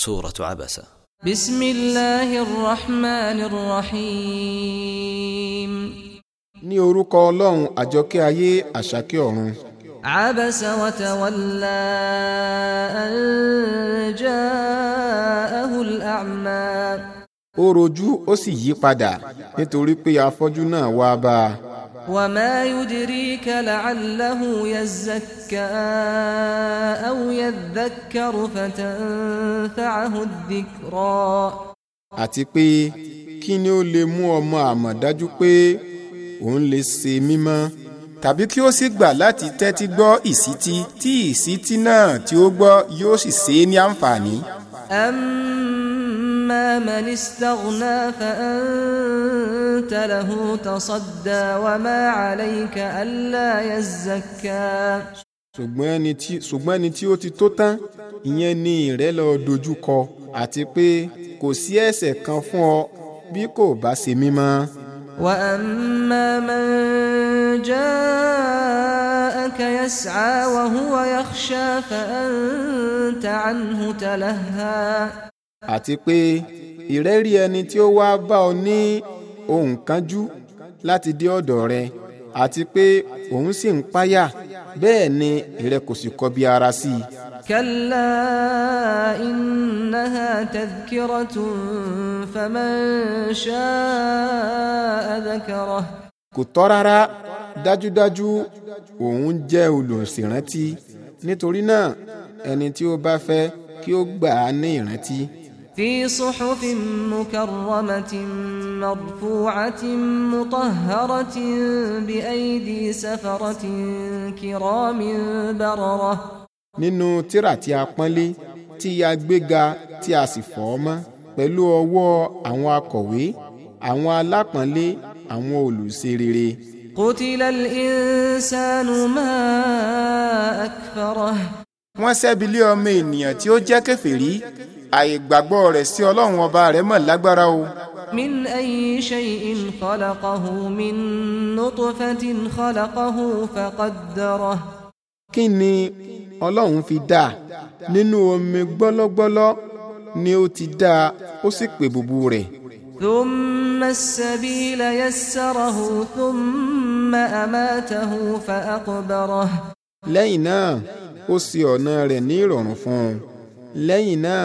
سورة عبسة بسم الله الرحمن الرحيم ní orúkọ ọlọ́run àjọkẹ́ ayé àṣàkẹ́ ọ̀run. عبس وتولى أن جاءه الأعمى. ó rojú ó sì yí padà nítorí pé afọ́jú náà wá bá a. وما يدريك لعله يزكى أو يذكر فتنفعه الذكرى àti pé kí ni ó lè mú ọmọ àmọ̀ dájú pé òun lè ṣe mímọ́ tàbí kí ó sì gbà láti tẹ́tí gbọ́ ìsítí tí ìsítí náà tí ó gbọ́ yóò sì ṣe é ní àǹfààní. أما من استغنى فأنت له تصدى وما عليك ألا يزكى ṣùgbọ́n ẹni tí ó ti tó tán ìyẹn ni ìrẹ́ lọ dojú kọ àti pé kò sí ẹ̀ṣẹ̀ kan fún ọ bí kò bá ṣe mímọ́. وأما من جاءك يسعى وهو يخشى فأنت عنه تلهى àti pé ìrẹ́rí ẹni tí ó wá bá ọ ní ohun kánjú láti dé ọ̀dọ̀ rẹ àti pé òun sì ń páyà bẹ́ẹ̀ ni ìrẹ kò sì kọbi ara sí i. kalla innaha tadhkiratun faman sha'a dhakarahu. kò tọ́ rárá dájúdájú òun jẹ́ olùsìrántí nítorí náà ẹni tí ó bá fẹ́ kí ó gbà á ní ìrántí. في صحف مكرمة مرفوعة مطهرة بأيدي سفرة كرام بررة nínú tírà tí a pọ́nlé tí a gbéga tí a sì fọ̀ ọ́ mọ́ pẹ̀lú ọwọ́ àwọn akọ̀wé àwọn alápọ̀nlé àwọn olùṣe rere. قتل الإنسان ما أكفره wọ́n ṣẹ́bi lé ọmọ ènìyàn tí ó jẹ́ kèfèrí àìgbàgbọ́ rẹ̀ sí ọlọ́run ọba rẹ̀ mọ̀ lágbára o. min ayi shay'in khalaqahu min nutfatin khalaqahu faqaddara. kí ni ọlọ́run fi dá nínú omi gbọ́lọ́gbọ́lọ́ ni ó ti dá ó sì pè bùbù rẹ̀. ثم السبيل يسره ثم أماته فأقبره. لينا ó ṣe ọ̀nà rẹ̀ ní ìrọ̀rùn fún un lẹ́yìn náà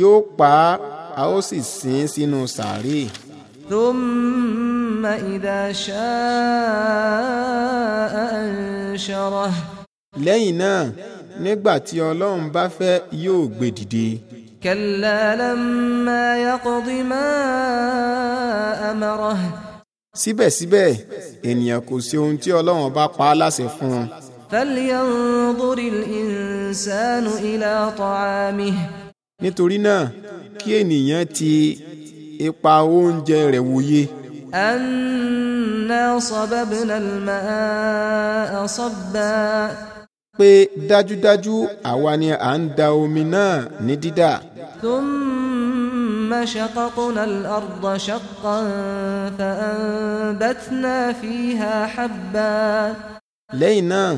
yóò pa á a ó sì sin sínú sàárè. thumma idha sha'a anshara. lẹ́yìn náà nígbà tí ọlọ́run bá fẹ́ yóò gbé dìde. kalla lamma yaqdi ma amarah. síbẹ̀síbẹ̀ ènìyàn kò ṣe ohun tí ọlọ́run bá pa á láṣẹ fún فلينظر الْإِنْسَانُ إلى طَعَامِهِ nítorí náà kí ènìyàn ti ipa oúnjẹ rẹ̀ wòye. أنا صببنا الماء صبا pé dájúdájú àwa ni à ń da omi náà ní dídà. ثم شققنا الأرض شقا فأنبتنا فيها حبا lẹ́yìn náà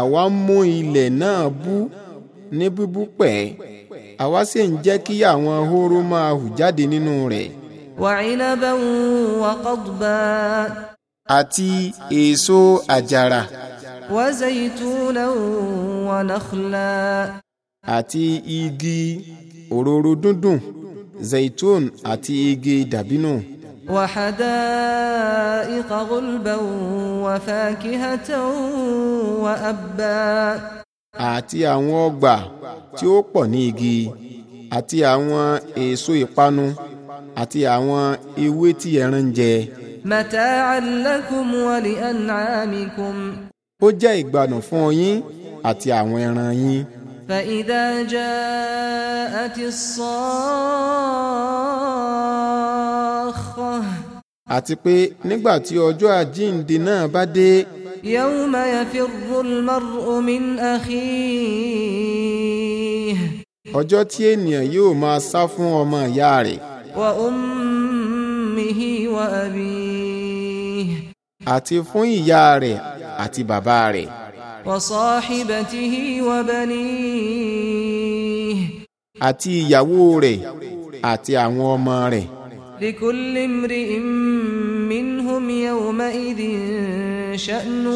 àwa mú ilẹ̀ náà bú ní bíbú pẹ́ àwa sì ń jẹ́ kí àwọn hóró máa hù jáde nínú rẹ̀. wa'ilaban wa qadba. àti èso àjàrà. wa zaytunan wa nakhla. àti igi òróró dúndùn zaitun àti igi dàbínù. وحدائق غلبا وفاكهة وأبا àti àwọn ọgbà tí ó pọ̀ ní igi àti àwọn èso ìpanu àti àwọn ewé tí ẹran ń jẹ. mata'an lakum wa li an'amikum. ó jẹ́ ìgbádùn fún yín àti àwọn ẹran yín. فإذا جاءت الصاخة àti pé nígbà tí ọjọ́ àjíǹde náà bá dé. yawma yafirrul mar'u min akhih. ọjọ́ tí ènìyàn yóò máa sá fún ọmọ ìyá rẹ̀. wa ummihi wa abih. àti fún ìyá rẹ̀ àti bàbá rẹ̀. wa sahibatihi wa banih. àti ìyàwó rẹ̀ àti àwọn ọmọ rẹ̀. لكل امرئ منهم يومئذ شأن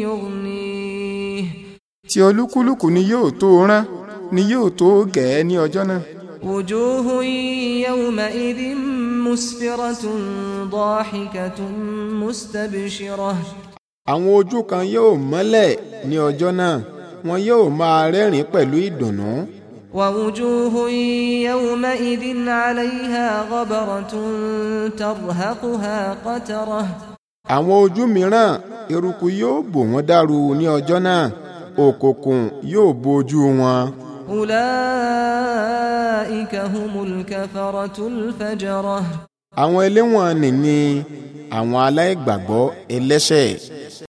يغنيه tí olúkúlùkù ni yóò tó rán ni yóò tó gẹ̀ẹ́ ní ọjọ́ náà. وجوه يومئذ مسفرة ضاحكة مستبشرة àwọn ojú kan yóò mọ́lẹ̀ ní ọjọ́ náà wọn yóò máa rẹ́rìn-ín pẹ̀lú ìdùnnú. ووجوه يومئذ عليها غبرة ترهقها قترة àwọn ojú mìíràn eruku yóò bò wọ́n dàrú ní ọjọ́ náà òkùnkùn yóò bo ojú wọn. ulaika humul kafaratul fajara. àwọn eléwọ̀n nì ni àwọn aláìgbàgbọ́ ẹlẹ́ṣẹ̀.